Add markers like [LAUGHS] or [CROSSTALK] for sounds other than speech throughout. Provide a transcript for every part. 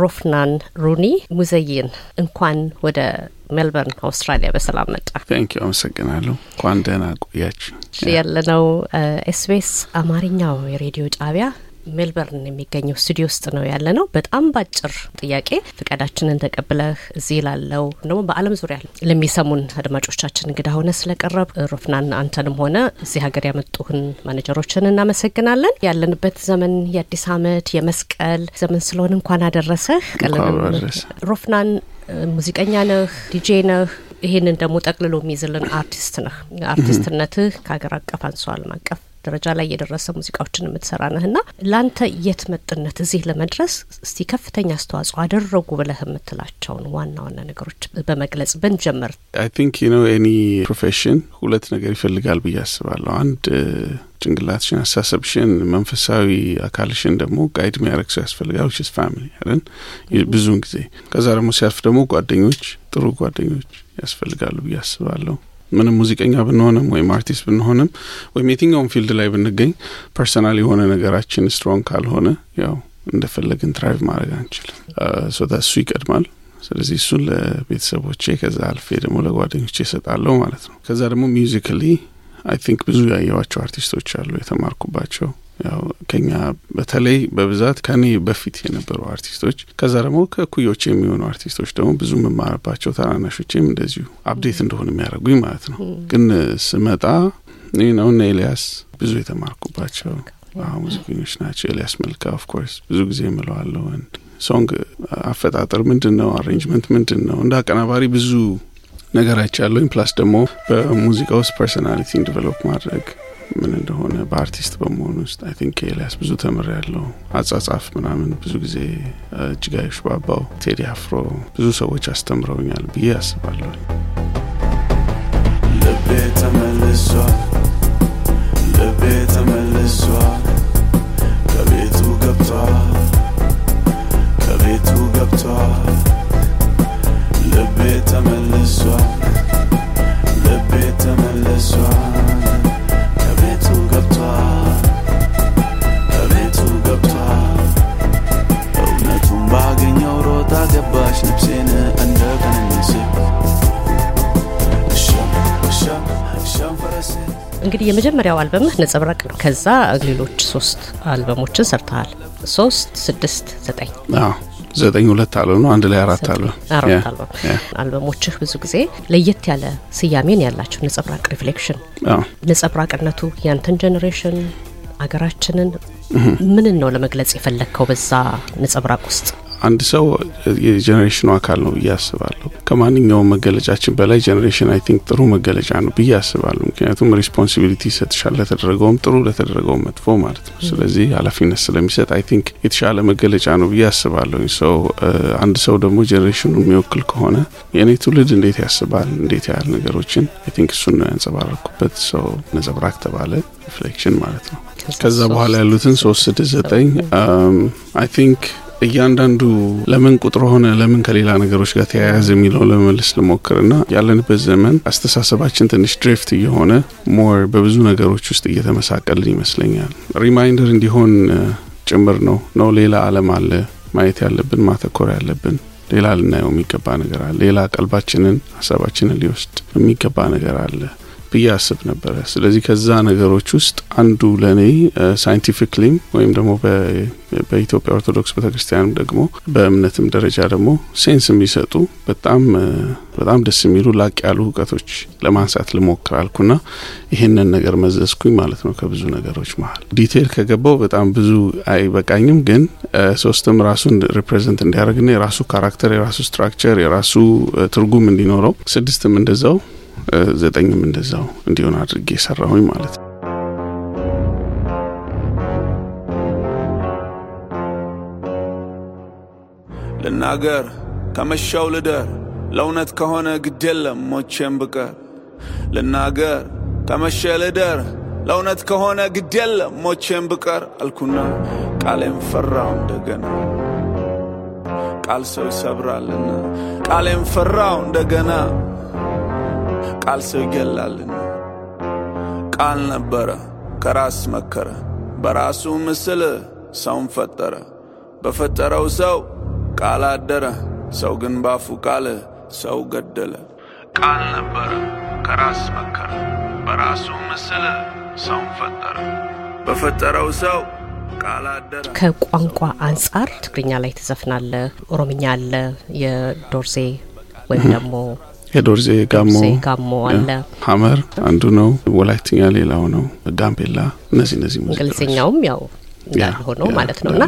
ሮፍናን ሩኒ ሙዘይን እንኳን ወደ ሜልበርን አውስትራሊያ በሰላም መጣ። ታንኪ አመሰግናለሁ። እንኳን ደህና ቆያችሁ። ያለነው ኤስቢኤስ አማርኛው የሬዲዮ ጣቢያ ሜልበርን የሚገኘው ስቱዲዮ ውስጥ ነው ያለ ነው። በጣም ባጭር ጥያቄ ፍቃዳችንን ተቀብለህ እዚህ ላለው ደግሞ በዓለም ዙሪያ ለሚሰሙን አድማጮቻችን እንግዳ ሆነ ስለቀረብ ሮፍናን አንተንም ሆነ እዚህ ሀገር ያመጡህን ማኔጀሮችን እናመሰግናለን። ያለንበት ዘመን የአዲስ ዓመት የመስቀል ዘመን ስለሆነ እንኳን አደረሰህ። ሮፍናን ሙዚቀኛ ነህ፣ ዲጄ ነህ ይህንን ደግሞ ጠቅልሎ የሚይዝልን አርቲስት ነህ። አርቲስትነትህ ከሀገር አቀፍ አንሶ ዓለም አቀፍ ደረጃ ላይ የደረሰ ሙዚቃዎችን የምትሰራ ነህ ና ለአንተ የት መጥነት እዚህ ለመድረስ እስቲ ከፍተኛ አስተዋጽኦ አደረጉ ብለህ የምትላቸውን ዋና ዋና ነገሮች በመግለጽ ብንጀምር። አይ ቲንክ ነው ኤኒ ፕሮፌሽን ሁለት ነገር ይፈልጋል ብዬ አስባለሁ። አንድ uh, ጭንቅላትሽን፣ አሳሰብሽን፣ መንፈሳዊ አካልሽን ደግሞ ጋይድ የሚያደርግ ሰው ያስፈልጋል። ዊችስ ፋሚሊ አይደል ብዙውን ጊዜ። ከዛ ደግሞ ሲያልፍ ደግሞ ጓደኞች፣ ጥሩ ጓደኞች ያስፈልጋሉ ብዬ አስባለሁ። ምንም ሙዚቀኛ ብንሆንም ወይም አርቲስት ብንሆንም ወይም የትኛውም ፊልድ ላይ ብንገኝ ፐርሰናል የሆነ ነገራችን ስትሮንግ ካልሆነ ያው እንደፈለግን ትራይቭ ማድረግ አንችልም። ሶታ uh, እሱ ይቀድማል። ስለዚህ እሱን ለቤተሰቦቼ ከዛ አልፌ ደግሞ ለጓደኞቼ ይሰጣለሁ ማለት ነው። ከዛ ደግሞ ሚዚካሊ አይ ቲንክ ብዙ ያየዋቸው አርቲስቶች አሉ የተማርኩባቸው ያው ከኛ በተለይ በብዛት ከኔ በፊት የነበሩ አርቲስቶች ከዛ ደግሞ ከእኩዮች የሚሆኑ አርቲስቶች ደግሞ ብዙ የምማርባቸው ተናናሾችም እንደዚሁ አብዴት እንደሆነ የሚያደርጉኝ ማለት ነው። ግን ስመጣ ነው እነ ኤልያስ ብዙ የተማርኩባቸው ሙዚቀኞች ናቸው። ኤልያስ መልካ ኦፍኮርስ ብዙ ጊዜ ምለዋለውን ሶንግ አፈጣጠር ምንድን ነው፣ አሬንጅመንት ምንድን ነው፣ እንደ አቀናባሪ ብዙ ነገራቸው ያለውኝ ፕላስ ደግሞ በሙዚቃ ውስጥ ፐርሶናሊቲን ዲቨሎፕ ማድረግ ምን እንደሆነ በአርቲስት በመሆን ውስጥ አይ ቲንክ ኤልያስ ብዙ ተምር ያለው አጻጻፍ ምናምን ብዙ ጊዜ እጅጋዩ ባባው ቴዲ አፍሮ ብዙ ሰዎች አስተምረውኛል ብዬ አስባለሁ። ልቤ ተመልሷል፣ ልቤ ተመልሷል፣ ከቤቱ ገብቷል፣ ከቤቱ ገብቷል፣ ልቤ ተመልሷል፣ ልቤ ተመልሷል ልቤ ከቤቱ ገብቷል ከቤቱ ገብቷል ልቤ ተመልሷል ልቤ ገብቷል እውነቱን ባገኘው እንግዲህ የመጀመሪያው አልበምህ ነጸብራቅ ነው። ከዛ ሌሎች ሶስት አልበሞችን ሰርተሃል። ሶስት ስድስት ዘጠኝ ዘጠኝ ሁለት አልበም ነው። አንድ ላይ አራት አልበም አራት አልበም። አልበሞችህ ብዙ ጊዜ ለየት ያለ ስያሜን ያላቸው ነጸብራቅ ሪፍሌክሽን፣ ነጸብራቅነቱ ያንተን ጀኔሬሽን አገራችንን ምንን ነው ለመግለጽ የፈለግከው በዛ ነጸብራቅ ውስጥ? አንድ ሰው የጀኔሬሽኑ አካል ነው ብዬ አስባለሁ። ከማንኛውም መገለጫችን በላይ ጀኔሬሽን አይ ቲንክ ጥሩ መገለጫ ነው ብዬ አስባለሁ። ምክንያቱም ሪስፖንሲቢሊቲ ይሰጥሻል፣ ለተደረገውም ጥሩ ለተደረገውም መጥፎ ማለት ነው። ስለዚህ ኃላፊነት ስለሚሰጥ አይ ቲንክ የተሻለ መገለጫ ነው ብዬ አስባለሁ። ሰው አንድ ሰው ደግሞ ጀኔሬሽኑ የሚወክል ከሆነ የእኔ ትውልድ እንዴት ያስባል፣ እንዴት ያህል ነገሮችን አይ ቲንክ እሱን ነው ያንጸባረኩበት። ሰው ነጸብራክ ተባለ ሪፍሌክሽን ማለት ነው። ከዛ በኋላ ያሉትን ሶስት ስድስት ዘጠኝ አይ ቲንክ እያንዳንዱ ለምን ቁጥር ሆነ ለምን ከሌላ ነገሮች ጋር ተያያዘ የሚለው ለመመለስ ልሞክር ና ያለንበት ዘመን አስተሳሰባችን ትንሽ ድሪፍት እየሆነ ሞር በብዙ ነገሮች ውስጥ እየተመሳቀልን ይመስለኛል። ሪማይንደር እንዲሆን ጭምር ነው ነው ሌላ አለም አለ ማየት ያለብን ማተኮር ያለብን ሌላ ልናየው የሚገባ ነገር አለ። ሌላ ቀልባችንን ሀሳባችንን ሊወስድ የሚገባ ነገር አለ። ብዬ አስብ ነበረ። ስለዚህ ከዛ ነገሮች ውስጥ አንዱ ለእኔ ሳይንቲፊክሊም ወይም ደግሞ በኢትዮጵያ ኦርቶዶክስ ቤተክርስቲያን ደግሞ በእምነትም ደረጃ ደግሞ ሴንስ የሚሰጡ በጣም በጣም ደስ የሚሉ ላቅ ያሉ እውቀቶች ለማንሳት ልሞክር አልኩና ይሄንን ነገር መዘዝኩኝ ማለት ነው። ከብዙ ነገሮች መሀል ዲቴይል ከገባው በጣም ብዙ አይበቃኝም፣ ግን ሶስትም ራሱን ሪፕሬዘንት እንዲያደርግና የራሱ ካራክተር፣ የራሱ ስትራክቸር፣ የራሱ ትርጉም እንዲኖረው ስድስትም እንደዛው ዘጠኝም እንደዛው እንዲሆን አድርጌ ሰራሁኝ ማለት ነው። ልናገር ከመሻው ልደር ለእውነት ከሆነ ግድ የለም ሞቼም ብቀር ልናገር ከመሸ ልደር ለእውነት ከሆነ ግድ የለም ሞቼም ብቀር አልኩና ቃሌም ፈራው እንደገና ቃል ሰው ይሰብራልና ቃሌም ፈራው እንደገና ቃል ስህ ቃል ነበረ ከራስ መከረ በራሱ ምስል ሰውን ፈጠረ በፈጠረው ሰው ቃል አደረ ሰው ግን ባፉ ቃል ሰው ገደለ ቃል ነበረ ከራስ መከረ በራሱ ምስል ሰውን ፈጠረ በፈጠረው ሰው ከቋንቋ አንጻር ትግርኛ ላይ ትዘፍናለህ፣ ኦሮምኛ አለ፣ የዶርዜ ወይም ደግሞ የዶርዜ ጋሞ ጋሞ አለ፣ ሀመር አንዱ ነው፣ ወላይትኛ ሌላው ነው፣ ጋምቤላ እነዚህ እነዚህ እንግሊዝኛውም ያው እንዳልሆነው ማለት ነው እና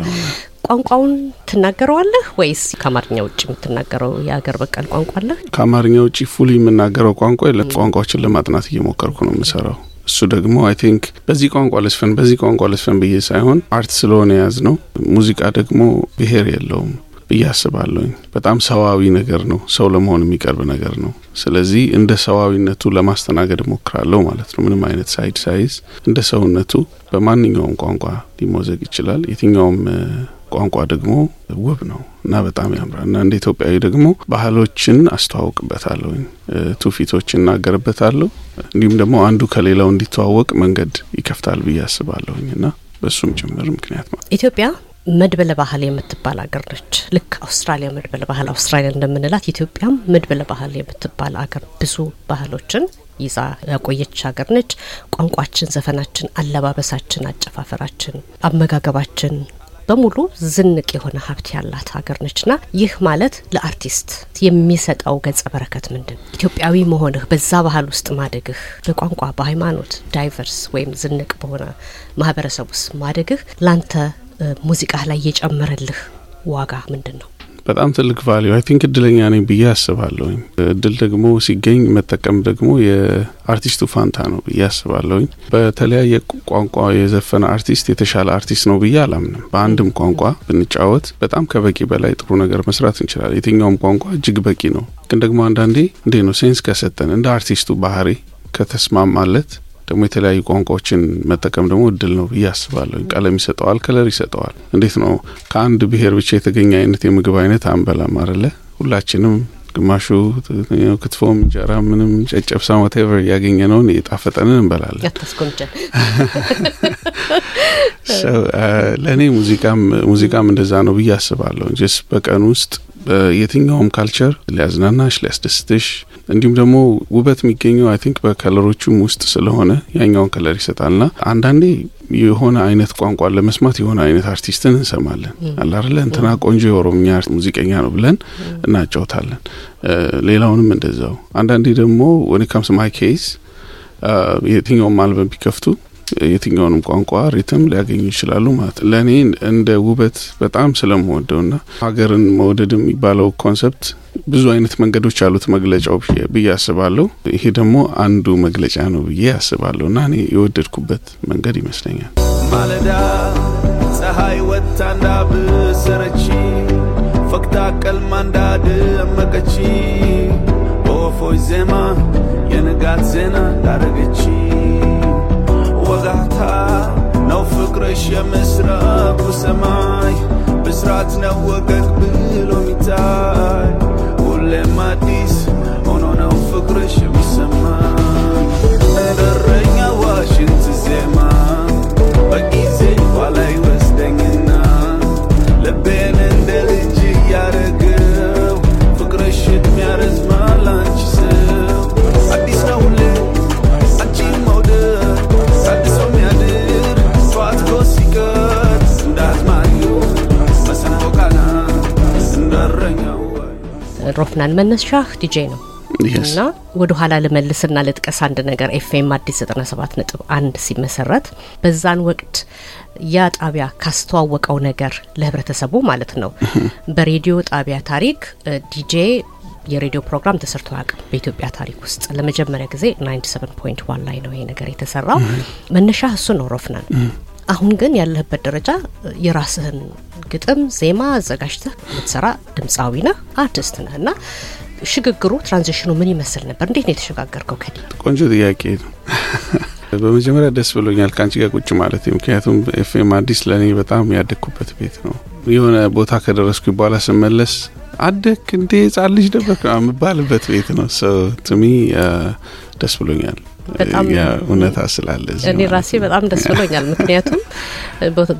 ቋንቋውን ትናገረዋለህ ወይስ ከአማርኛ ውጭ የምትናገረው የሀገር በቀል ቋንቋ አለ? ከአማርኛ ውጭ ፉል የምናገረው ቋንቋ የለም። ቋንቋዎችን ለማጥናት እየሞከርኩ ነው የምሰራው። እሱ ደግሞ አይ ቲንክ በዚህ ቋንቋ ልስፈን በዚህ ቋንቋ ልስፈን ብዬ ሳይሆን አርት ስለሆነ የያዝ ነው። ሙዚቃ ደግሞ ብሄር የለውም ብዬ አስባለሁኝ። በጣም ሰዋዊ ነገር ነው፣ ሰው ለመሆን የሚቀርብ ነገር ነው። ስለዚህ እንደ ሰዋዊነቱ ለማስተናገድ እሞክራለሁ ማለት ነው። ምንም አይነት ሳይድ ሳይዝ እንደ ሰውነቱ በማንኛውም ቋንቋ ሊሞዘግ ይችላል። የትኛውም ቋንቋ ደግሞ ውብ ነው እና በጣም ያምራል እና እንደ ኢትዮጵያዊ ደግሞ ባህሎችን አስተዋውቅበታለሁኝ ቱፊቶች እናገርበታለሁ። እንዲሁም ደግሞ አንዱ ከሌላው እንዲተዋወቅ መንገድ ይከፍታል ብዬ አስባለሁኝ እና በሱም ጭምር ምክንያት ነው ኢትዮጵያ መድበለ ባህል የምትባል አገር ነች። ልክ አውስትራሊያ መድበለ ባህል አውስትራሊያ እንደምንላት ኢትዮጵያም መድበለ ባህል የምትባል አገር ብዙ ባህሎችን ይዛ ያቆየች ሀገር ነች። ቋንቋችን፣ ዘፈናችን፣ አለባበሳችን፣ አጨፋፈራችን፣ አመጋገባችን በሙሉ ዝንቅ የሆነ ሀብት ያላት ሀገር ነችና ይህ ማለት ለአርቲስት የሚሰጠው ገጸ በረከት ምንድን? ኢትዮጵያዊ መሆንህ፣ በዛ ባህል ውስጥ ማደግህ፣ በቋንቋ በሃይማኖት ዳይቨርስ ወይም ዝንቅ በሆነ ማህበረሰብ ውስጥ ማደግህ ላንተ ሙዚቃ ላይ የጨመረልህ ዋጋ ምንድን ነው? በጣም ትልቅ ቫሊዩ አይ ቲንክ እድለኛ ነኝ ብዬ አስባለሁኝ። እድል ደግሞ ሲገኝ መጠቀም ደግሞ የአርቲስቱ ፋንታ ነው ብዬ አስባለሁኝ። በተለያየ ቋንቋ የዘፈነ አርቲስት የተሻለ አርቲስት ነው ብዬ አላምንም። በአንድም ቋንቋ ብንጫወት በጣም ከበቂ በላይ ጥሩ ነገር መስራት እንችላለን። የትኛውም ቋንቋ እጅግ በቂ ነው። ግን ደግሞ አንዳንዴ እንዴ ነው ሴንስ ከሰጠን እንደ አርቲስቱ ባህሪ ከተስማማለት ደግሞ የተለያዩ ቋንቋዎችን መጠቀም ደግሞ እድል ነው ብዬ አስባለሁ። ቀለም ይሰጠዋል፣ ከለር ይሰጠዋል። እንዴት ነው ከአንድ ብሔር ብቻ የተገኘ አይነት የምግብ አይነት አንበላም አለ ሁላችንም ግማሹ ክትፎም፣ እንጀራ፣ ምንም ጨጨብሳ፣ ቴቨር እያገኘ ነውን የጣፈጠንን እንበላለን። [LAUGHS] ለእኔ ሙዚቃም ሙዚቃም እንደዛ ነው ብዬ አስባለሁ። ጀስ በቀን ውስጥ የትኛውም ካልቸር ሊያዝናናሽ ሊያስደስትሽ እንዲሁም ደግሞ ውበት የሚገኘው አይ ቲንክ በከለሮቹም ውስጥ ስለሆነ ያኛውን ከለር ይሰጣልና አንዳንዴ የሆነ አይነት ቋንቋ ለመስማት የሆነ አይነት አርቲስትን እንሰማለን አላርለ እንትና ቆንጆ የኦሮምኛ ሙዚቀኛ ነው ብለን እናጫውታለን። ሌላውንም እንደዛው። አንዳንዴ ደግሞ ወኒካምስ ማይ ኬዝ የትኛውም አልበም ቢከፍቱ የትኛውንም ቋንቋ ሪትም ሊያገኙ ይችላሉ ማለት ነው። ለእኔ እንደ ውበት በጣም ስለምወደውና ሀገርን መውደድ የሚባለው ኮንሰፕት ብዙ አይነት መንገዶች አሉት መግለጫው ብዬ አስባለሁ። ይሄ ደግሞ አንዱ መግለጫ ነው ብዬ አስባለሁ እና እኔ የወደድኩበት መንገድ ይመስለኛል። ማለዳ ፀሐይ ወጥታ እንዳብሰረች ፈቅታ ቀልማ እንዳደመቀች በወፎች ዜማ የንጋት ዜና ዳረገች ይሆናል። መነሻህ ዲጄ ነው እና ወደ ኋላ ልመልስና ልጥቀስ አንድ ነገር። ኤፍኤም አዲስ 97 ነጥብ አንድ ሲመሰረት በዛን ወቅት ያ ጣቢያ ካስተዋወቀው ነገር ለህብረተሰቡ ማለት ነው በሬዲዮ ጣቢያ ታሪክ ዲጄ የሬዲዮ ፕሮግራም ተሰርቶ አያውቅም በኢትዮጵያ ታሪክ ውስጥ። ለመጀመሪያ ጊዜ 97.1 ላይ ነው ይሄ ነገር የተሰራው። መነሻ እሱ ነው ሮፍናን አሁን ግን ያለህበት ደረጃ የራስህን ግጥም ዜማ አዘጋጅተህ የምትሰራ ድምፃዊ ነህ፣ አርቲስት ነህ እና ሽግግሩ ትራንዚሽኑ ምን ይመስል ነበር? እንዴት ነው የተሸጋገርከው? ከዲ ቆንጆ ጥያቄ ነው። በመጀመሪያ ደስ ብሎኛል ከአንቺ ጋር ቁጭ ማለት፣ ምክንያቱም ኤፍኤም አዲስ ለእኔ በጣም ያደግኩበት ቤት ነው። የሆነ ቦታ ከደረስኩ በኋላ ስመለስ አደክ እንዴ ጻልጅ ደበክ የምባልበት ቤት ነው። ትሚ ደስ ብሎኛል። በጣም እውነታ ስላለ እኔ ራሴ በጣም ደስ ብሎኛል። ምክንያቱም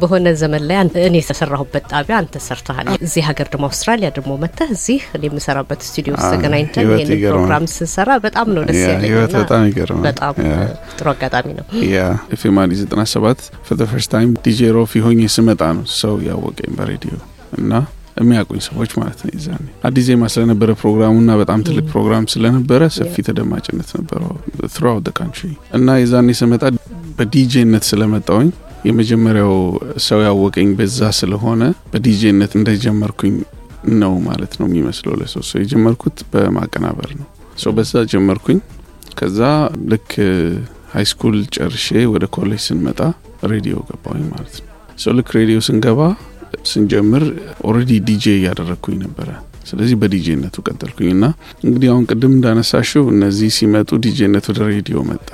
በሆነ ዘመን ላይ እኔ የተሰራሁበት ጣቢያ አንተ ሰርተሃል። እዚህ ሀገር ደግሞ አውስትራሊያ ደግሞ መጥተህ እዚህ የምሰራበት ስቱዲዮ ውስጥ ተገናኝተን ይህን ፕሮግራም ስንሰራ በጣም ነው ደስ ያለኝ። በጣም ይገርማል። በጣም ጥሩ አጋጣሚ ነው። ያ ፌማሊ 97 ፈር ዘ ፈርስት ታይም ዲጄ ሮፊ ሆኜ ስመጣ ነው ሰው ያወቀኝ በሬዲዮ እና የሚያውቁኝ ሰዎች ማለት ነው። ይዛኔ አዲስ ዜማ ስለነበረ ና በጣም ትልቅ ፕሮግራም ስለነበረ ሰፊ ተደማጭነት ነበረው ትሮው ደ ካንትሪ እና የዛኔ ስመጣ በዲጄነት ስለመጣውኝ የመጀመሪያው ሰው ያወቀኝ በዛ ስለሆነ በዲጄነት እንደጀመርኩኝ ነው ማለት ነው የሚመስለው ለሰው ሰው የጀመርኩት በማቀናበር ነው። በዛ ጀመርኩኝ። ከዛ ልክ ሀይ ስኩል ጨርሼ ወደ ኮሌጅ ስንመጣ ሬዲዮ ገባኝ ማለት ነው። ልክ ሬዲዮ ስንገባ ስንጀምር ኦረዲ ዲጄ እያደረግኩኝ ነበረ። ስለዚህ በዲጄነቱ ቀጠልኩኝ እና እንግዲህ አሁን ቅድም እንዳነሳሽው እነዚህ ሲመጡ ዲጄነቱ ወደ ሬዲዮ መጣ።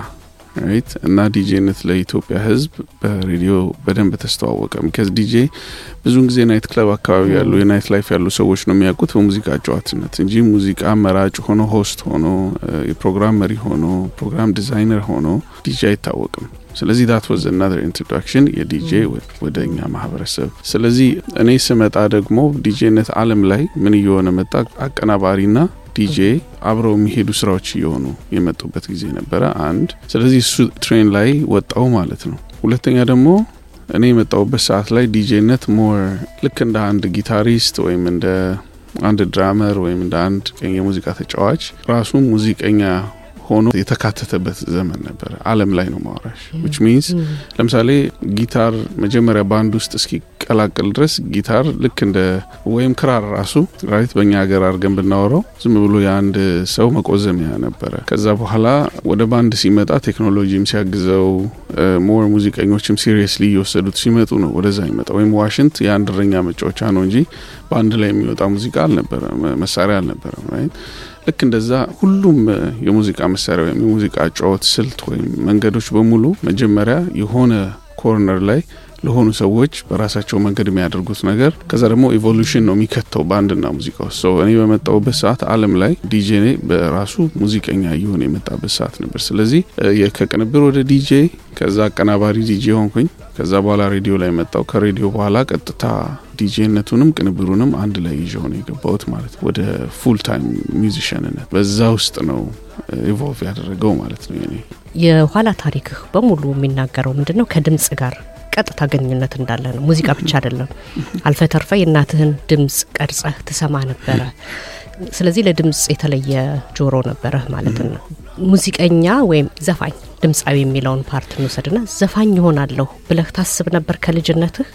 ራይት እና ዲጄነት ለኢትዮጵያ ህዝብ በሬዲዮ በደንብ ተስተዋወቀም ከዚ ዲጄ ብዙውን ጊዜ ናይት ክለብ አካባቢ ያሉ የናይት ላይፍ ያሉ ሰዎች ነው የሚያውቁት በሙዚቃ ጨዋትነት እንጂ ሙዚቃ መራጭ ሆኖ ሆስት ሆኖ የፕሮግራም መሪ ሆኖ ፕሮግራም ዲዛይነር ሆኖ ዲጄ አይታወቅም። ስለዚህ ዳት ወዝ ናር ኢንትሮዳክሽን የዲጄ ወደ እኛ ማህበረሰብ። ስለዚህ እኔ ስመጣ ደግሞ ዲጄነት አለም ላይ ምን እየሆነ መጣ አቀናባሪና ዲጄ አብረው የሚሄዱ ስራዎች እየሆኑ የመጡበት ጊዜ ነበረ። አንድ ስለዚህ እሱ ትሬን ላይ ወጣው ማለት ነው። ሁለተኛ ደግሞ እኔ የመጣውበት ሰዓት ላይ ዲጄነት ሞር ልክ እንደ አንድ ጊታሪስት ወይም እንደ አንድ ድራመር ወይም እንደ አንድ የሙዚቃ ተጫዋች ራሱ ሙዚቀኛ ሆኖ የተካተተበት ዘመን ነበረ። አለም ላይ ነው ማወራሽ ዊች ሚንስ ለምሳሌ ጊታር መጀመሪያ ባንድ ውስጥ እስኪቀላቀል ድረስ ጊታር ልክ እንደ ወይም ክራር ራሱ ራይት በእኛ ሀገር አድርገን ብናወራው ዝም ብሎ የአንድ ሰው መቆዘሚያ ነበረ። ከዛ በኋላ ወደ ባንድ ሲመጣ ቴክኖሎጂም ሲያግዘው ሞር ሙዚቀኞችም ሲሪየስሊ እየወሰዱት ሲመጡ ነው ወደዛ ይመጣ ወይም ዋሽንት የአንድ እረኛ መጫወቻ ነው እንጂ በአንድ ላይ የሚወጣ ሙዚቃ አልነበረ፣ መሳሪያ አልነበረም። ልክ እንደዛ ሁሉም የሙዚቃ መሳሪያ ወይም የሙዚቃ ጨዋት ስልት ወይም መንገዶች በሙሉ መጀመሪያ የሆነ ኮርነር ላይ ለሆኑ ሰዎች በራሳቸው መንገድ የሚያደርጉት ነገር ከዛ ደግሞ ኢቮሉሽን ነው የሚከተው በአንድና ሙዚቃ ውስጥ ሰው እኔ በመጣውበት ሰዓት አለም ላይ ዲጄ በራሱ ሙዚቀኛ እየሆነ የመጣበት ሰዓት ነበር። ስለዚህ ከቅንብር ወደ ዲጄ፣ ከዛ አቀናባሪ ዲጄ ሆንኩኝ። ከዛ በኋላ ሬዲዮ ላይ መጣው። ከሬዲዮ በኋላ ቀጥታ ዲጄነቱንም ቅንብሩንም አንድ ላይ ይዤው ነው የገባሁት ማለት ነው። ወደ ፉል ታይም ሚዚሽንነት በዛ ውስጥ ነው ኢቮልቭ ያደረገው ማለት ነው። ኔ የኋላ ታሪክህ በሙሉ የሚናገረው ምንድን ነው? ከድምጽ ጋር ቀጥታ ግንኙነት እንዳለ ነው። ሙዚቃ ብቻ አይደለም። [LAUGHS] አልፈ ተርፈ የእናትህን ድምጽ ቀርጸህ ትሰማ ነበረ። ስለዚህ ለድምጽ የተለየ ጆሮ ነበረህ ማለት ነው። ሙዚቀኛ ወይም ዘፋኝ ድምፃዊ የሚለውን ፓርት እንውሰድና ዘፋኝ ይሆናለሁ ብለህ ታስብ ነበር ከልጅነትህ?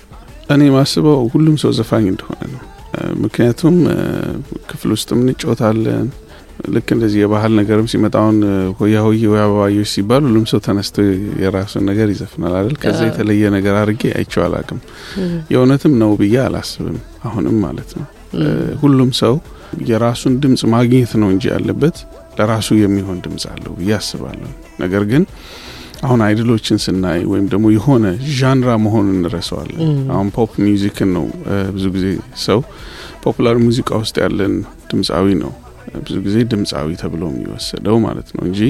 እኔ ማስበው ሁሉም ሰው ዘፋኝ እንደሆነ ነው። ምክንያቱም ክፍል ውስጥም እንጮታለን ልክ እንደዚህ የባህል ነገርም ሲመጣውን ሆያ ሆዬ ወይ አበባዮች ሲባል ሁሉም ሰው ተነስቶ የራሱን ነገር ይዘፍናል አይደል? ከዛ የተለየ ነገር አድርጌ አይቸው አላቅም። የእውነትም ነው ብዬ አላስብም። አሁንም ማለት ነው ሁሉም ሰው የራሱን ድምፅ ማግኘት ነው እንጂ ያለበት ለራሱ የሚሆን ድምፅ አለው ብዬ አስባለሁ። ነገር ግን አሁን አይድሎችን ስናይ ወይም ደግሞ የሆነ ዣንራ መሆኑን እንረሰዋለን። አሁን ፖፕ ሚውዚክን ነው ብዙ ጊዜ ሰው ፖፕላር ሙዚቃ ውስጥ ያለን ድምፃዊ ነው ብዙ ጊዜ ድምፃዊ ተብሎ የሚወሰደው ማለት ነው እንጂ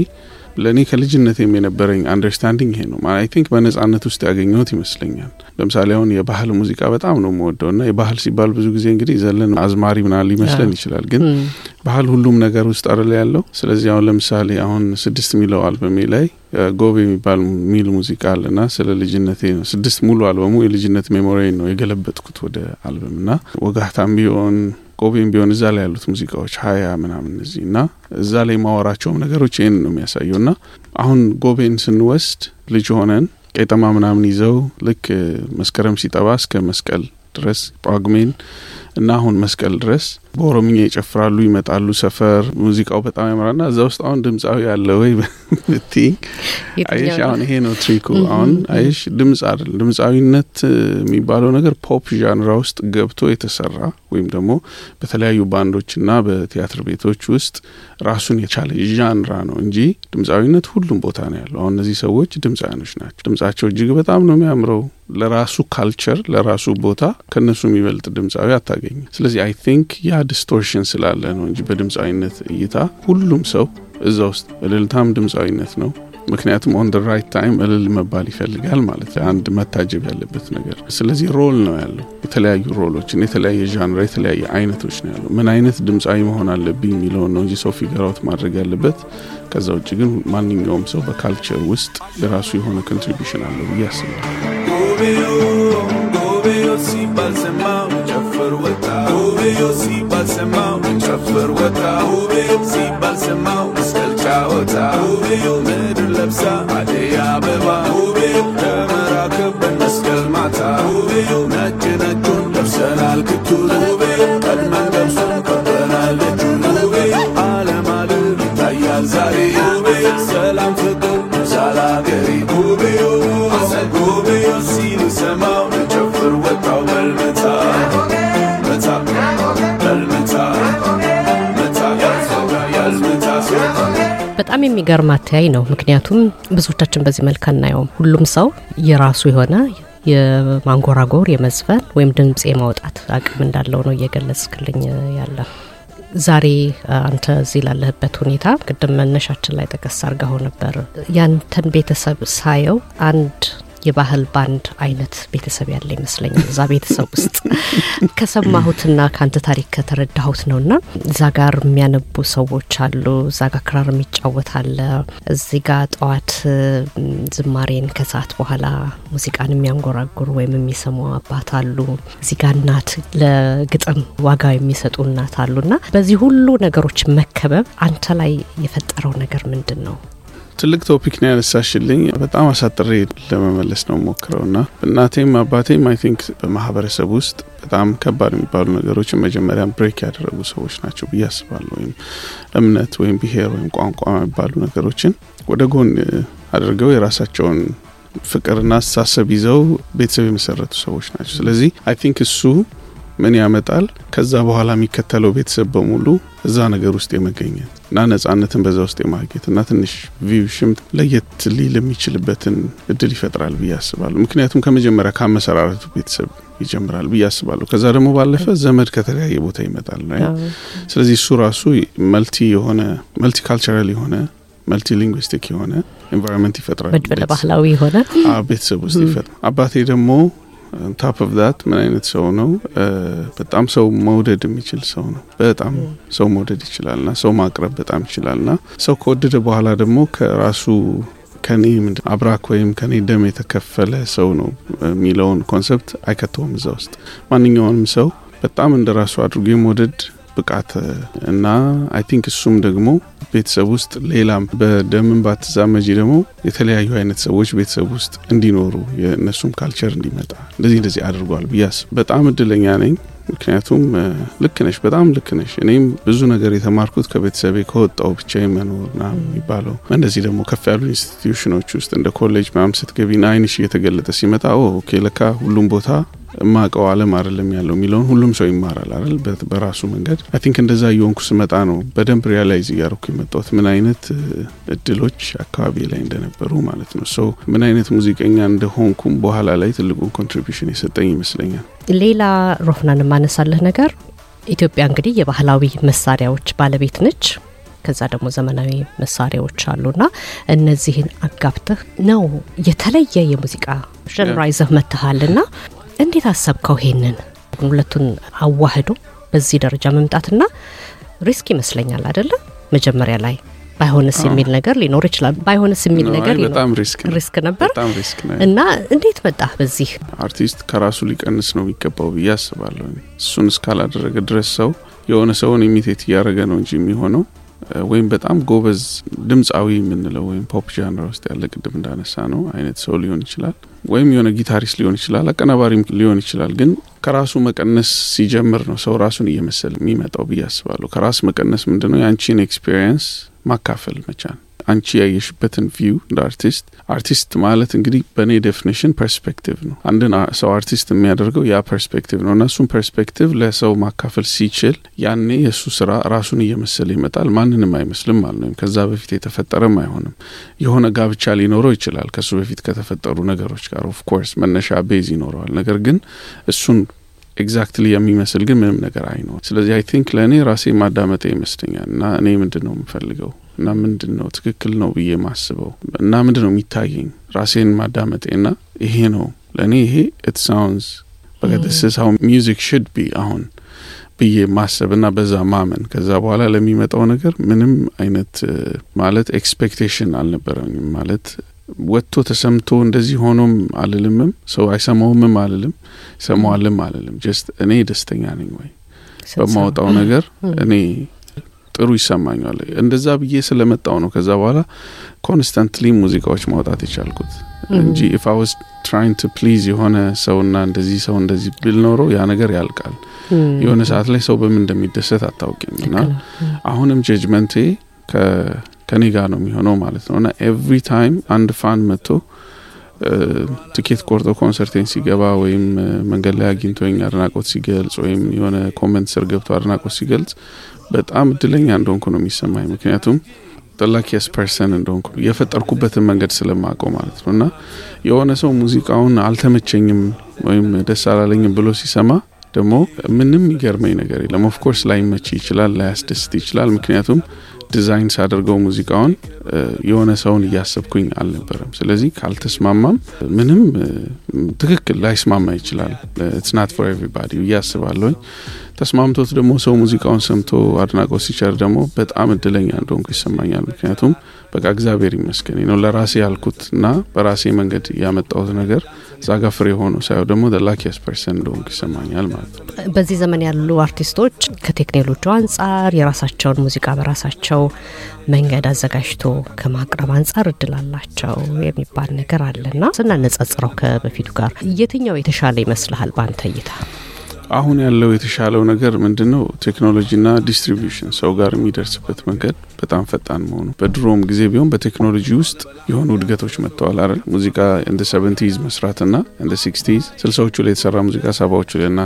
ለእኔ ከልጅነት የነበረኝ አንደርስታንዲንግ ይሄ ነው። አይ ቲንክ በነጻነት ውስጥ ያገኘሁት ይመስለኛል። ለምሳሌ አሁን የባህል ሙዚቃ በጣም ነው የምወደው እና የባህል ሲባል ብዙ ጊዜ እንግዲህ ዘለን አዝማሪ ምናምን ሊመስለን ይችላል። ግን ባህል ሁሉም ነገር ውስጥ አይደል ያለው። ስለዚህ አሁን ለምሳሌ አሁን ስድስት ሚለው አልበሜ ላይ ጎብ የሚባል ሚል ሙዚቃ ና ስለ ልጅነቴ ነው። ስድስት ሙሉ አልበሙ የልጅነት ሜሞሪ ነው የገለበጥኩት ወደ አልበም ና ወጋታም ቢሆን ቆቤም ቢሆን እዛ ላይ ያሉት ሙዚቃዎች ሀያ ምናምን እዚህ እና እዛ ላይ ማወራቸውም ነገሮች ይህን ነው የሚያሳየው እና አሁን ጎቤን ስንወስድ ልጅ ሆነን ቄጠማ ምናምን ይዘው ልክ መስከረም ሲጠባ እስከ መስቀል ድረስ ጳጉሜን እና አሁን መስቀል ድረስ በኦሮምኛ ይጨፍራሉ፣ ይመጣሉ። ሰፈር ሙዚቃው በጣም ና እዛ ውስጥ አሁን ድምፃዊ አለ ወይ ብቲ አየሽ፣ አሁን ይሄ ነው ትሪኩ። አሁን አየሽ፣ ድምፅ አይደል ድምፃዊነት የሚባለው ነገር ፖፕ ዣንራ ውስጥ ገብቶ የተሰራ ወይም ደግሞ በተለያዩ ባንዶች ና በቲያትር ቤቶች ውስጥ ራሱን የቻለ ዣንራ ነው እንጂ ድምፃዊነት ሁሉም ቦታ ነው ያለው። አሁን እነዚህ ሰዎች ድምፃውያኖች ናቸው። ድምጻቸው እጅግ በጣም ነው የሚያምረው። ለራሱ ካልቸር ለራሱ ቦታ ከእነሱ የሚበልጥ ድምፃዊ አታገኝ። ስለዚህ አይ ቲንክ ያ ዲስቶርሽን ስላለ ነው እንጂ በድምፃዊነት እይታ ሁሉም ሰው እዛ ውስጥ እልልታም ድምፃዊነት ነው። ምክንያቱም ኦን ራይት ታይም እልል መባል ይፈልጋል ማለት አንድ መታጀብ ያለበት ነገር። ስለዚህ ሮል ነው ያለው። የተለያዩ ሮሎች የተለያየ ዣንራ፣ የተለያየ አይነቶች ነው ያለው። ምን አይነት ድምፃዊ መሆን አለብኝ የሚለውን ነው እንጂ ሰው ፊገራውት ማድረግ ያለበት። ከዛ ውጭ ግን ማንኛውም ሰው በካልቸር ውስጥ የራሱ የሆነ ኮንትሪቢሽን አለው ብዬ አስባለሁ። ጎቤዮ ጎቤዮ ሲባል ሰማው ጨፈር ወጣ ጎቤዮ ሲባል ሰማው ጨፈር ወጣ ጎቤዮ ሲባል ሰማው መስቀል ጫወታ ጎቤዮ ምድር ለብሳ አደይ አበባ ጎቤዮ ተመራከበን መስቀል ማታ ጎቤዮ ነጭ ነጩን ለብሰናል ክቱን ጎቤዮ የሚገርም አተያይ ነው። ምክንያቱም ብዙዎቻችን በዚህ መልክ አናየውም። ሁሉም ሰው የራሱ የሆነ የማንጎራጎር የመዝፈን ወይም ድምፅ የማውጣት አቅም እንዳለው ነው እየገለጽክልኝ ያለ። ዛሬ አንተ እዚህ ላለህበት ሁኔታ ቅድም መነሻችን ላይ ጠቀስ አርጋኸው ነበር። ያንተን ቤተሰብ ሳየው አንድ የባህል ባንድ አይነት ቤተሰብ ያለ ይመስለኛል እዛ ቤተሰብ ውስጥ [LAUGHS] ከሰማሁትና ከአንተ ታሪክ ከተረዳሁት ነው ና እዛ ጋር የሚያነቡ ሰዎች አሉ እዛ ጋር ክራር የሚጫወት አለ እዚህ ጋ ጠዋት ዝማሬን ከሰዓት በኋላ ሙዚቃን የሚያንጎራጉሩ ወይም የሚሰሙ አባት አሉ እዚህ ጋ እናት ለግጥም ዋጋ የሚሰጡ እናት አሉ ና በዚህ ሁሉ ነገሮች መከበብ አንተ ላይ የፈጠረው ነገር ምንድን ነው ትልቅ ቶፒክ ነው ያነሳሽልኝ። በጣም አሳጥሬ ለመመለስ ነው ሞክረው እና እናቴም አባቴም አይ ቲንክ በማህበረሰብ ውስጥ በጣም ከባድ የሚባሉ ነገሮችን መጀመሪያ ብሬክ ያደረጉ ሰዎች ናቸው ብዬ አስባለሁ። ወይም እምነት ወይም ብሄር ወይም ቋንቋ የሚባሉ ነገሮችን ወደ ጎን አድርገው የራሳቸውን ፍቅርና አስተሳሰብ ይዘው ቤተሰብ የመሰረቱ ሰዎች ናቸው። ስለዚህ አይ ቲንክ እሱ ምን ያመጣል? ከዛ በኋላ የሚከተለው ቤተሰብ በሙሉ እዛ ነገር ውስጥ የመገኘት እና ነጻነትን በዛ ውስጥ የማግኘት እና ትንሽ ሽምት ለየት ሊል የሚችልበትን እድል ይፈጥራል ብዬ አስባለሁ። ምክንያቱም ከመጀመሪያ ከአመሰራረቱ ቤተሰብ ይጀምራል ብዬ አስባለሁ። ከዛ ደግሞ ባለፈ ዘመድ ከተለያየ ቦታ ይመጣል ነው። ስለዚህ እሱ ራሱ መልቲ የሆነ መልቲ ካልቸራል የሆነ መልቲ ሊንግዊስቲክ የሆነ ኤንቫሮንመንት ይፈጥራል። ባህላዊ የሆነ ቤተሰብ ውስጥ ይፈጥ አባቴ ደግሞ ታፕ ኦፍ ዳት ምን አይነት ሰው ነው? በጣም ሰው መውደድ የሚችል ሰው ነው። በጣም ሰው መውደድ ና ሰው ማቅረብ በጣም ይችላልና ሰው ከወደደ በኋላ ደግሞ ከራሱ ከኔ ምንድን አብራክ ወይም ከኔ ደም የተከፈለ ሰው ነው የሚለውን ኮንሰፕት አይከተውም እዛ ውስጥ ማንኛውንም ሰው በጣም እንደ ራሱ አድርጎ የመውደድ ብቃት እና አይ ቲንክ እሱም ደግሞ ቤተሰብ ውስጥ ሌላም በደምን ባትዛመጂ ደግሞ የተለያዩ አይነት ሰዎች ቤተሰብ ውስጥ እንዲኖሩ የእነሱም ካልቸር እንዲመጣ እንደዚህ እንደዚህ አድርጓል ብያስ በጣም እድለኛ ነኝ። ምክንያቱም ልክ ነሽ፣ በጣም ልክ ነሽ። እኔም ብዙ ነገር የተማርኩት ከቤተሰቤ ከወጣው ብቻዬን ና የሚባለው እንደዚህ ደግሞ ከፍ ያሉ ኢንስቲትዩሽኖች ውስጥ እንደ ኮሌጅ ምናምን ና አይንሽ እየተገለጠ ሲመጣ ኦኬ ለካ ሁሉም ቦታ ማቀው አለም አይደለም ያለው የሚለውን ሁሉም ሰው ይማራል አይደል በራሱ መንገድ አይ ቲንክ እንደዛ እየሆንኩ ስመጣ ነው በደንብ ሪያላይዝ እያደረኩ የመጣሁት ምን አይነት እድሎች አካባቢ ላይ እንደነበሩ ማለት ነው ሰው ምን አይነት ሙዚቀኛ እንደሆንኩም በኋላ ላይ ትልቁን ኮንትሪቢሽን የሰጠኝ ይመስለኛል ሌላ ሮፍናን የማነሳልህ ነገር ኢትዮጵያ እንግዲህ የባህላዊ መሳሪያዎች ባለቤት ነች ከዛ ደግሞ ዘመናዊ መሳሪያዎች አሉና እነዚህን አጋብተህ ነው የተለየ የሙዚቃ ሸንራይዘህ መትሃል ና እንዴት አሰብከው ይሄንን ሁለቱን አዋህዶ በዚህ ደረጃ መምጣትና ሪስክ ይመስለኛል አይደለም መጀመሪያ ላይ ባይሆንስ የሚል ነገር ሊኖር ይችላል ባይሆንስ የሚል ነገር ሪስክ ነበር እና እንዴት መጣ በዚህ አርቲስት ከራሱ ሊቀንስ ነው የሚገባው ብዬ አስባለሁ እሱን እስካላደረገ ድረስ ሰው የሆነ ሰውን ኢሚቴት እያደረገ ነው እንጂ የሚሆነው ወይም በጣም ጎበዝ ድምፃዊ የምንለው ወይም ፖፕ ጃንራ ውስጥ ያለ ቅድም እንዳነሳ ነው አይነት ሰው ሊሆን ይችላል፣ ወይም የሆነ ጊታሪስት ሊሆን ይችላል፣ አቀናባሪም ሊሆን ይችላል። ግን ከራሱ መቀነስ ሲጀምር ነው ሰው ራሱን እየመሰል የሚመጣው ብዬ አስባለሁ። ከራስ መቀነስ ምንድነው? የአንቺን ኤክስፒሪየንስ ማካፈል መቻል አንቺ ያየሽበትን ቪው እንደ አርቲስት አርቲስት ማለት እንግዲህ በእኔ ዴፊኒሽን ፐርስፔክቲቭ ነው። አንድን ሰው አርቲስት የሚያደርገው ያ ፐርስፔክቲቭ ነው እና እሱም ፐርስፔክቲቭ ለሰው ማካፈል ሲችል ያኔ የእሱ ስራ ራሱን እየመሰለ ይመጣል። ማንንም አይመስልም ማለት ነው። ከዛ በፊት የተፈጠረም አይሆንም። የሆነ ጋብቻ ሊኖረው ይችላል ከእሱ በፊት ከተፈጠሩ ነገሮች ጋር ኦፍ ኮርስ መነሻ ቤዝ ይኖረዋል። ነገር ግን እሱን ኤግዛክትሊ የሚመስል ግን ምንም ነገር አይኖር። ስለዚህ አይ ቲንክ ለእኔ ራሴ ማዳመጠ ይመስለኛል እና እኔ ምንድን ነው የምፈልገው እና ምንድን ነው ትክክል ነው ብዬ ማስበው እና ምንድን ነው የሚታየኝ ራሴን ማዳመጤ ና ይሄ ነው ለእኔ ይሄ ኢት ሳውንስ በቀደስሳው ሚዚክ ሽድ ቢ አሁን ብዬ ማሰብ እና በዛ ማመን ከዛ በኋላ ለሚመጣው ነገር ምንም አይነት ማለት ኤክስፔክቴሽን አልነበረኝም ማለት ወጥቶ ተሰምቶ እንደዚህ ሆኖም አልልምም ሰው አይሰማውምም አልልም ሰማዋልም አልልም ጀስት እኔ ደስተኛ ነኝ ወይ በማወጣው ነገር እኔ ጥሩ ይሰማኛል። እንደዛ ብዬ ስለመጣው ነው ከዛ በኋላ ኮንስታንትሊ ሙዚቃዎች ማውጣት የቻልኩት እንጂ ኢፋውስ አይ ትራይንግ ቱ ፕሊዝ የሆነ ሰውና እንደዚህ ሰው እንደዚህ ብል ኖሮ ያ ነገር ያልቃል። የሆነ ሰዓት ላይ ሰው በምን እንደሚደሰት አታውቂም። እና አሁንም ጀጅመንቴ ከኔ ጋር ነው የሚሆነው ማለት ነው እና ኤቭሪ ታይም አንድ ፋን መጥቶ ትኬት ቆርጦ ኮንሰርቴን ሲገባ ወይም መንገድ ላይ አግኝቶኝ አድናቆት ሲገልጽ ወይም የሆነ ኮመንት ስር ገብቶ አድናቆት ሲገልጽ በጣም እድለኛ እንደሆንኩ ነው የሚሰማኝ። ምክንያቱም ጠላኪያስ ፐርሰን እንደሆንኩ የፈጠርኩበትን መንገድ ስለማቀው ማለት ነው። እና የሆነ ሰው ሙዚቃውን አልተመቸኝም ወይም ደስ አላለኝም ብሎ ሲሰማ ደግሞ ምንም ይገርመኝ ነገር የለም። ኦፍኮርስ ላይመች ይችላል፣ ላያስደስት ይችላል። ምክንያቱም ዲዛይን ሳደርገው ሙዚቃውን የሆነ ሰውን እያሰብኩኝ አልነበረም። ስለዚህ ካልተስማማም ምንም ትክክል ላይስማማ ይችላል። ኢትስናት ፎር ኤቭሪባዲ እያስባለሁኝ። ተስማምቶት ደግሞ ሰው ሙዚቃውን ሰምቶ አድናቆት ሲቸር ደግሞ በጣም እድለኛ እንደሆንኩ ይሰማኛል። ምክንያቱም በቃ እግዚአብሔር ይመስገን ነው ለራሴ ያልኩት እና በራሴ መንገድ ያመጣሁት ነገር እዛ ፍሬ ሆኖ ሳየው ደግሞ ላኪያስ ፐርሰን እንደሆን ይሰማኛል ማለት ነው። በዚህ ዘመን ያሉ አርቲስቶች ከቴክኖሎጂ አንጻር የራሳቸውን ሙዚቃ በራሳቸው መንገድ አዘጋጅቶ ከማቅረብ አንጻር እድል አላቸው የሚባል ነገር አለና ስናነጻጽረው ከበፊቱ ጋር የትኛው የተሻለ ይመስልሃል በአንተ እይታ? አሁን ያለው የተሻለው ነገር ምንድን ነው? ቴክኖሎጂና ዲስትሪቢሽን ሰው ጋር የሚደርስበት መንገድ በጣም ፈጣን መሆኑ። በድሮም ጊዜ ቢሆን በቴክኖሎጂ ውስጥ የሆኑ እድገቶች መጥተዋል አይደል? ሙዚቃ እንደ ሰቨንቲዝ መስራትና እንደ ሲክስቲዝ ስልሳዎቹ ላይ የተሰራ ሙዚቃ ሰባዎቹ ላይ እና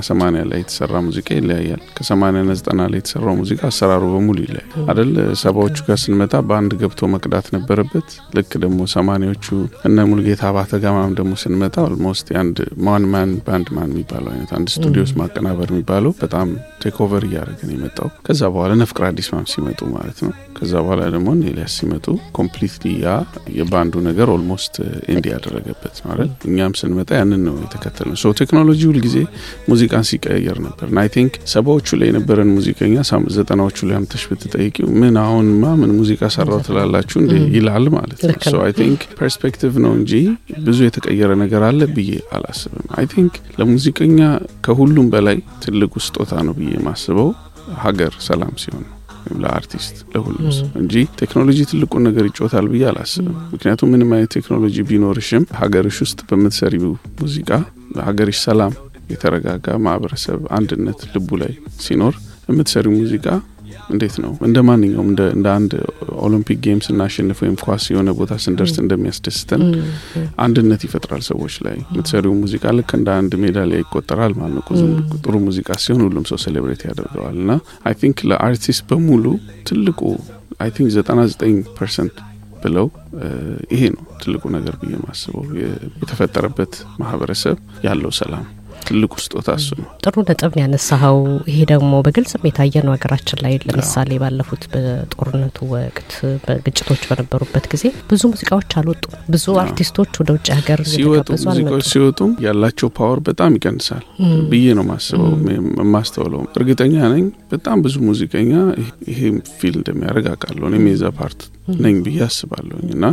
ላይ የተሰራ ሙዚቃ ይለያያል። ከሰማንያና ዘጠና ላይ የተሰራው ሙዚቃ አሰራሩ በሙሉ ይለያል አይደል? ሰባዎቹ ጋር ስንመጣ በአንድ ገብቶ መቅዳት ነበረበት። ልክ ደግሞ ሰማንያዎቹ እነ ሙልጌታ አባተ ደግሞ ስንመጣ ኦልሞስት የአንድ ማን ማን ባንድ ማን የሚባለው አይነት አንድ ስቱዲዮስ ማቀናበር የሚባለው በጣም ቴክ ኦቨር እያደረገ ነው የመጣው። ከዛ በኋላ ነፍቅር አዲስ ማም ሲመጡ ማለት ነው። ከዛ በኋላ ደግሞ ኔሊያስ ሲመጡ ኮምፕሊትሊ ያ የባንዱ ነገር ኦልሞስት ኤንድ ያደረገበት ነው አይደል። እኛም ስንመጣ ያንን ነው የተከተል ነው ቴክኖሎጂ ሁልጊዜ ሙዚቃን ሲቀያየር ነበር ና ቲንክ ሰባዎቹ ላይ የነበረን ሙዚቀኛ ዘጠናዎቹ ላይ አምተሽ ብትጠይቂ ምን አሁንማ ምን ሙዚቃ ሰራው ትላላችሁ እንዴ ይላል ማለት ነው። አይ ቲንክ ፐርስፔክቲቭ ነው እንጂ ብዙ የተቀየረ ነገር አለ ብዬ አላስብም። አይ ቲንክ ለሙዚቀኛ ከሁሉም በ በላይ ትልቁ ስጦታ ነው ብዬ የማስበው ሀገር ሰላም ሲሆን ነው ለአርቲስት ለሁሉም እንጂ ቴክኖሎጂ ትልቁን ነገር ይጮታል ብዬ አላስብም። ምክንያቱም ምንም አይነት ቴክኖሎጂ ቢኖርሽም ሀገርሽ ውስጥ በምትሰሪው ሙዚቃ ሀገርሽ ሰላም፣ የተረጋጋ ማህበረሰብ፣ አንድነት ልቡ ላይ ሲኖር የምትሰሪው ሙዚቃ እንዴት ነው እንደ ማንኛውም እንደ አንድ ኦሎምፒክ ጌም ስናሸንፍ ወይም ኳስ የሆነ ቦታ ስንደርስ እንደሚያስደስተን አንድነት ይፈጥራል ሰዎች ላይ የምትሰሪው ሙዚቃ ልክ እንደ አንድ ሜዳሊያ ይቆጠራል ማለት ነው ጥሩ ሙዚቃ ሲሆን ሁሉም ሰው ሴሌብሬት ያደርገዋል እና አይ ቲንክ ለአርቲስት በሙሉ ትልቁ አይ ቲንክ ዘጠኝ ፐርሰንት ብለው ይሄ ነው ትልቁ ነገር ብዬ ማስበው የተፈጠረበት ማህበረሰብ ያለው ሰላም ትልቁ ስጦታ እሱ ነው። ጥሩ ነጥብ ያነሳኸው። ይሄ ደግሞ በግልጽም የታየ ነው ሀገራችን ላይ። ለምሳሌ ባለፉት በጦርነቱ ወቅት በግጭቶች በነበሩበት ጊዜ ብዙ ሙዚቃዎች አልወጡም። ብዙ አርቲስቶች ወደ ውጭ ሀገር ሲወጡ ሙዚቃዎች ሲወጡ ያላቸው ፓወር በጣም ይቀንሳል ብዬ ነው ማስበው የማስተውለው። እርግጠኛ ነኝ በጣም ብዙ ሙዚቀኛ ይሄ ፊል እንደሚያደርግ አውቃለሁ። እኔም የዛ ፓርት ነኝ ብዬ አስባለሁኝ እና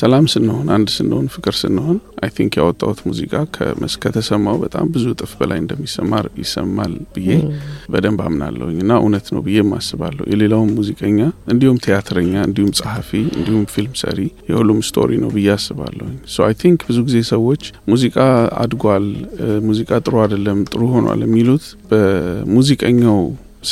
ሰላም ስንሆን አንድ ስንሆን ፍቅር ስንሆን አይ ቲንክ ያወጣሁት ሙዚቃ ከተሰማው በጣም ብዙ እጥፍ በላይ እንደሚሰማ ይሰማል ብዬ በደንብ አምናለሁኝ እና እውነት ነው ብዬ አስባለሁ። የሌላውም ሙዚቀኛ እንዲሁም ቲያትረኛ እንዲሁም ጸሐፊ እንዲሁም ፊልም ሰሪ የሁሉም ስቶሪ ነው ብዬ አስባለሁኝ። ሶ አይ ቲንክ ብዙ ጊዜ ሰዎች ሙዚቃ አድጓል፣ ሙዚቃ ጥሩ አይደለም፣ ጥሩ ሆኗል የሚሉት በሙዚቀኛው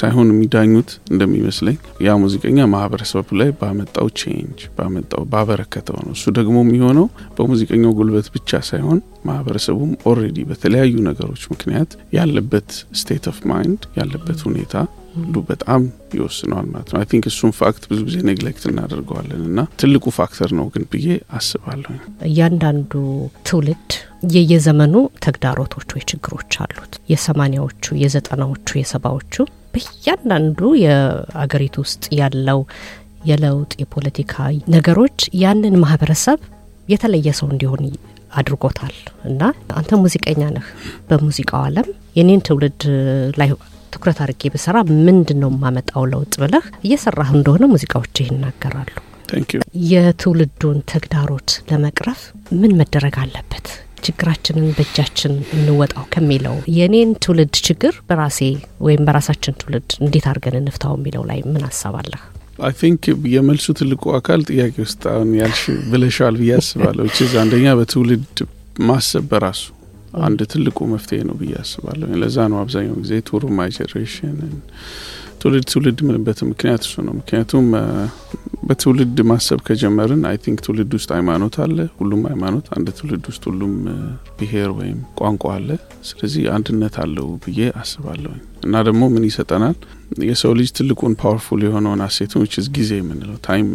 ሳይሆን የሚዳኙት እንደሚመስለኝ ያ ሙዚቀኛ ማህበረሰቡ ላይ ባመጣው ቼንጅ ባመጣው ባበረከተው ነው። እሱ ደግሞ የሚሆነው በሙዚቀኛው ጉልበት ብቻ ሳይሆን ማህበረሰቡም ኦልሬዲ በተለያዩ ነገሮች ምክንያት ያለበት ስቴት ኦፍ ማይንድ ያለበት ሁኔታ ሁሉ በጣም ይወስነዋል ማለት ነው። ቲንክ እሱን ፋክት ብዙ ጊዜ ኔግሌክት እናደርገዋለን እና ትልቁ ፋክተር ነው ግን ብዬ አስባለሁ። እያንዳንዱ ትውልድ የየዘመኑ ተግዳሮቶች ወይ ችግሮች አሉት። የሰማኒያዎቹ የዘጠናዎቹ የሰባዎቹ በእያንዳንዱ የአገሪቱ ውስጥ ያለው የለውጥ የፖለቲካ ነገሮች ያንን ማህበረሰብ የተለየ ሰው እንዲሆን አድርጎታል እና አንተ ሙዚቀኛ ነህ። በሙዚቃው ዓለም የኔን ትውልድ ላይ ትኩረት አድርጌ ብሰራ ምንድን ነው የማመጣው ለውጥ ብለህ እየሰራህ እንደሆነ ሙዚቃዎች ይናገራሉ። የትውልዱን ተግዳሮት ለመቅረፍ ምን መደረግ አለበት? ችግራችንን በእጃችን እንወጣው ከሚለው የኔን ትውልድ ችግር በራሴ ወይም በራሳችን ትውልድ እንዴት አድርገን እንፍታው የሚለው ላይ ምን ሀሳብ አይ ቲንክ የመልሱ ትልቁ አካል ጥያቄ ውስጥ አሁን ያልሽ ብለሻል ብዬ አስባለሁ። ችዝ አንደኛ በትውልድ ማሰብ በራሱ አንድ ትልቁ መፍትሄ ነው ብዬ አስባለሁ። ለዛ ነው አብዛኛው ጊዜ ቱሩ ማይ ጀኔሬሽን ትውልድ ትውልድ ምንበት ምክንያት እሱ ነው። ምክንያቱም በትውልድ ማሰብ ከጀመርን አይ ቲንክ ትውልድ ውስጥ ሃይማኖት አለ። ሁሉም ሃይማኖት አንድ ትውልድ ውስጥ ሁሉም ብሄር ወይም ቋንቋ አለ። ስለዚህ አንድነት አለው ብዬ አስባለሁኝ። እና ደግሞ ምን ይሰጠናል? የሰው ልጅ ትልቁን ፓወርፉል የሆነውን አሴትን ዊች ጊዜ የምንለው ታይም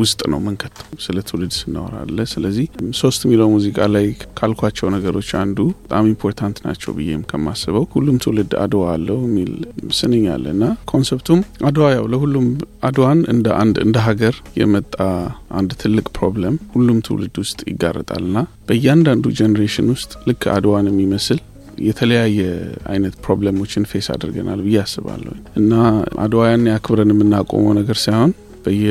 ውስጥ ነው ምንከተው ስለ ትውልድ ስናወራለ። ስለዚህ ሶስት የሚለው ሙዚቃ ላይ ካልኳቸው ነገሮች አንዱ በጣም ኢምፖርታንት ናቸው ብዬም ከማስበው ሁሉም ትውልድ አድዋ አለው የሚል ስንኛለ እና ኮንሰፕቱም አድዋ ያው ለሁሉም አድዋን እንደ አንድ እንደ ሀገር የመጣ አንድ ትልቅ ፕሮብለም ሁሉም ትውልድ ውስጥ ይጋረጣል ና በእያንዳንዱ ጄኔሬሽን ውስጥ ልክ አድዋን የሚመስል የተለያየ አይነት ፕሮብለሞችን ፌስ አድርገናል ብዬ አስባለሁ እና ያን ያክብረን የምናቆመው ነገር ሳይሆን በየ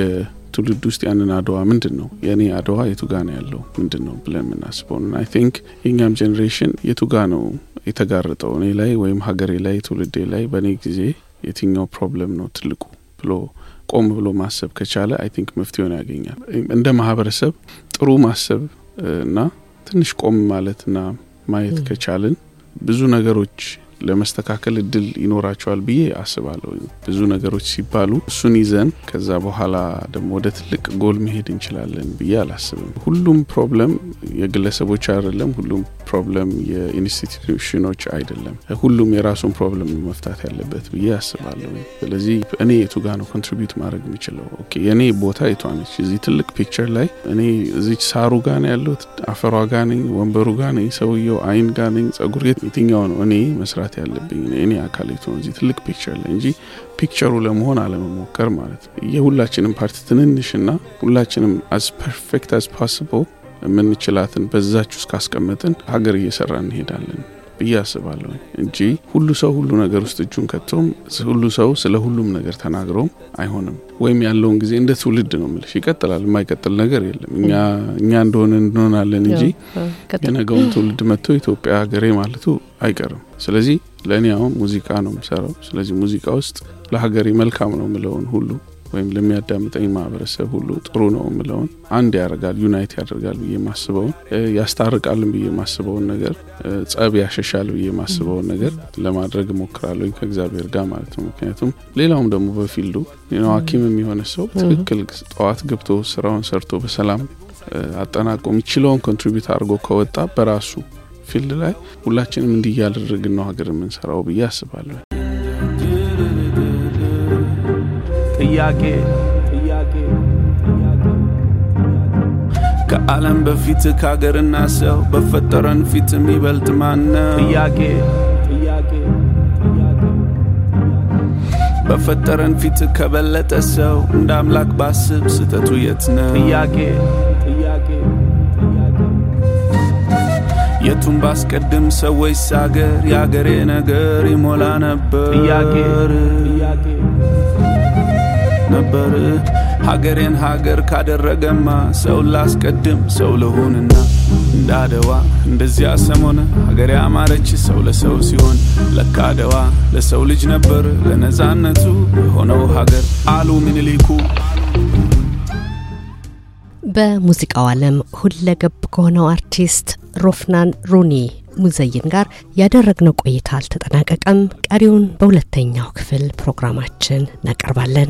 ትውልድ ውስጥ ያንን አድዋ ምንድን ነው የእኔ አድዋ የቱጋ ነው ያለው ምንድን ነው ብለን የምናስበው አይ ቲንክ የእኛም ጄኔሬሽን የቱጋ ነው የተጋረጠው እኔ ላይ ወይም ሀገሬ ላይ ትውልዴ ላይ በእኔ ጊዜ የትኛው ፕሮብለም ነው ትልቁ ብሎ ቆም ብሎ ማሰብ ከቻለ አይ ቲንክ መፍትሄውን ያገኛል። እንደ ማህበረሰብ ጥሩ ማሰብ እና ትንሽ ቆም ና ማየት ከቻልን ብዙ ነገሮች ለመስተካከል እድል ይኖራቸዋል ብዬ አስባለሁ። ብዙ ነገሮች ሲባሉ እሱን ይዘን ከዛ በኋላ ደግሞ ወደ ትልቅ ጎል መሄድ እንችላለን ብዬ አላስብም። ሁሉም ፕሮብለም የግለሰቦች አይደለም። ሁሉም ፕሮብለም የኢንስቲቱሽኖች አይደለም። ሁሉም የራሱን ፕሮብለም መፍታት ያለበት ብዬ አስባለሁ። ስለዚህ እኔ የቱ ጋ ነው ኮንትሪቢዩት ማድረግ የሚችለው? የእኔ ቦታ የቷነች እዚህ ትልቅ ፒክቸር ላይ እኔ እዚች ሳሩ ጋ ነው ያለሁት? አፈሯ ጋ ነኝ? ወንበሩ ጋ ነኝ? ሰውየው አይን ጋ ነኝ? ጸጉር የትኛው ነው እኔ መስራት መስራት ያለብኝ እኔ አካሌቱ ነው እዚህ ትልቅ ፒክቸር ላይ እንጂ ፒክቸሩ ለመሆን አለመሞከር ማለት ነው። የሁላችንም ፓርት ትንንሽ ና ሁላችንም አስ ፐርፌክት አስ ፓስቦ የምንችላትን በዛች ውስጥ ካስቀመጥን ሀገር እየሰራ እንሄዳለን። ብዬ አስባለሁ እንጂ ሁሉ ሰው ሁሉ ነገር ውስጥ እጁን ከቶም ሁሉ ሰው ስለ ሁሉም ነገር ተናግሮም አይሆንም። ወይም ያለውን ጊዜ እንደ ትውልድ ነው ምልሽ ይቀጥላል። የማይቀጥል ነገር የለም። እኛ እኛ እንደሆነ እንሆናለን እንጂ የነገውን ትውልድ መጥቶ ኢትዮጵያ ሀገሬ ማለቱ አይቀርም። ስለዚህ ለእኔ አሁን ሙዚቃ ነው የምሰራው። ስለዚህ ሙዚቃ ውስጥ ለሀገሬ መልካም ነው ምለውን ሁሉ ወይም ለሚያዳምጠኝ ማህበረሰብ ሁሉ ጥሩ ነው ምለውን አንድ ያደርጋል ዩናይት ያደርጋል ብዬ ማስበውን ያስታርቃልን ብዬ ማስበውን ነገር ጸብ ያሸሻል ብዬ ማስበውን ነገር ለማድረግ ሞክራለኝ ከእግዚአብሔር ጋር ማለት ነው። ምክንያቱም ሌላውም ደግሞ በፊልዱ ሀኪም የሆነ ሰው ትክክል ጠዋት ገብቶ ስራውን ሰርቶ በሰላም አጠናቆ የሚችለውን ኮንትሪቢዩት አድርጎ ከወጣ በራሱ ፊልድ ላይ ሁላችንም እንዲህ እያደረግን ነው ሀገር የምንሰራው ብዬ አስባለሁ። ጥያቄ ከዓለም በፊት ከሀገርና ሰው በፈጠረን ፊት የሚበልጥ ማነው? ጥያቄ በፈጠረን ፊት ከበለጠ ሰው እንደ አምላክ ባስብ ስተቱ የት ነው? ጥያቄ የቱን ባስቀድም ሰዎች ሳገር የአገሬ ነገር ይሞላ ነበር ጥያቄ ነበር ሀገሬን ሀገር ካደረገማ ሰው ላስቀድም ሰው ለሆንና እንደ አደዋ እንደዚያ ሰሞነ ሀገር ያማረች ሰው ለሰው ሲሆን ለካደዋ ለሰው ልጅ ነበር ለነፃነቱ የሆነው ሀገር አሉ ምንሊኩ በሙዚቃው ዓለም ሁለገብ ከሆነው አርቲስት ሮፍናን ሩኒ ሙዘይን ጋር ያደረግነው ቆይታ አልተጠናቀቀም። ቀሪውን በሁለተኛው ክፍል ፕሮግራማችን እናቀርባለን።